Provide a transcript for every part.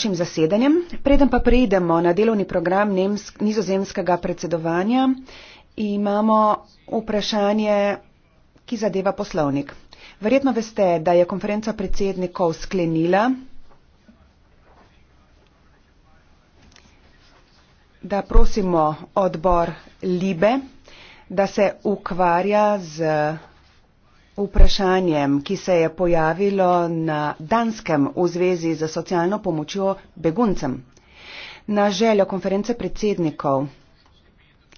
našim zasedanjem. Preden pa prejdemo na delovni program Nemsk, nizozemskega predsedovanja, imamo vprašanje, ki zadeva poslovnik. Verjetno veste, da je konferenca predsednikov sklenila, da prosimo odbor Libe, da se ukvarja z vprašanjem, ki se je pojavilo na Danskem v zvezi z socialno pomočjo beguncem. Na željo konference predsednikov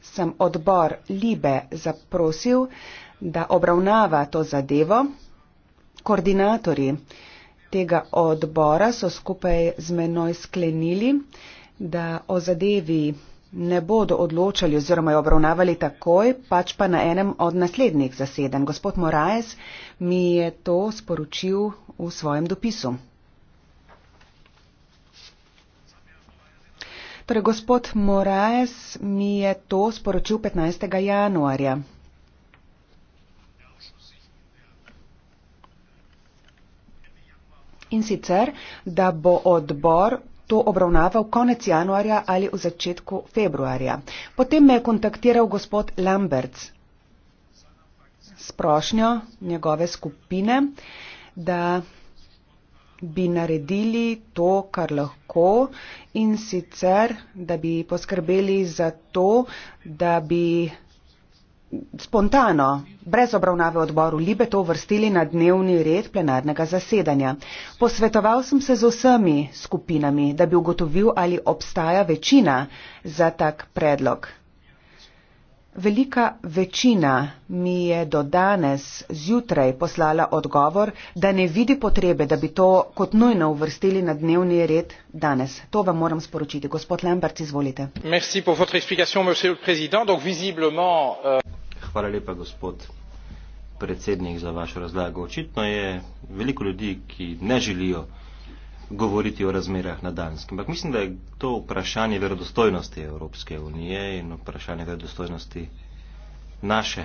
sem odbor Libe zaprosil, da obravnava to zadevo. Koordinatori tega odbora so skupaj z menoj sklenili, da o zadevi ne bodo odločali oziroma jo obravnavali takoj, pač pa na enem od naslednjih zaseden. Gospod Moraes mi je to sporočil v svojem dopisu. Torej, gospod Moraes mi je to sporočil 15. januarja. In sicer, da bo odbor to obravnaval konec januarja ali v začetku februarja. Potem me je kontaktiral gospod Lamberts s prošnjo njegove skupine, da bi naredili to, kar lahko in sicer, da bi poskrbeli za to, da bi spontano brez obravnave v odboru libe to vrstili na dnevni red plenarnega zasedanja. Posvetoval sem se z vsemi skupinami, da bi ugotovil, ali obstaja večina za tak predlog. Velika večina mi je do danes zjutraj poslala odgovor, da ne vidi potrebe, da bi to kot nujno uvrstili na dnevni red danes. To vam moram sporočiti. Gospod Lambert, izvolite. Merci pour votre explication, monsieur le président. Donc, visiblement, euh hvala lepa, gospod predsednik, za vašo razlago. Očitno je veliko ljudi, ki ne želijo govoriti o razmerah na Danskem. Ampak mislim, da je to vprašanje verodostojnosti Evropske unije in vprašanje verodostojnosti naše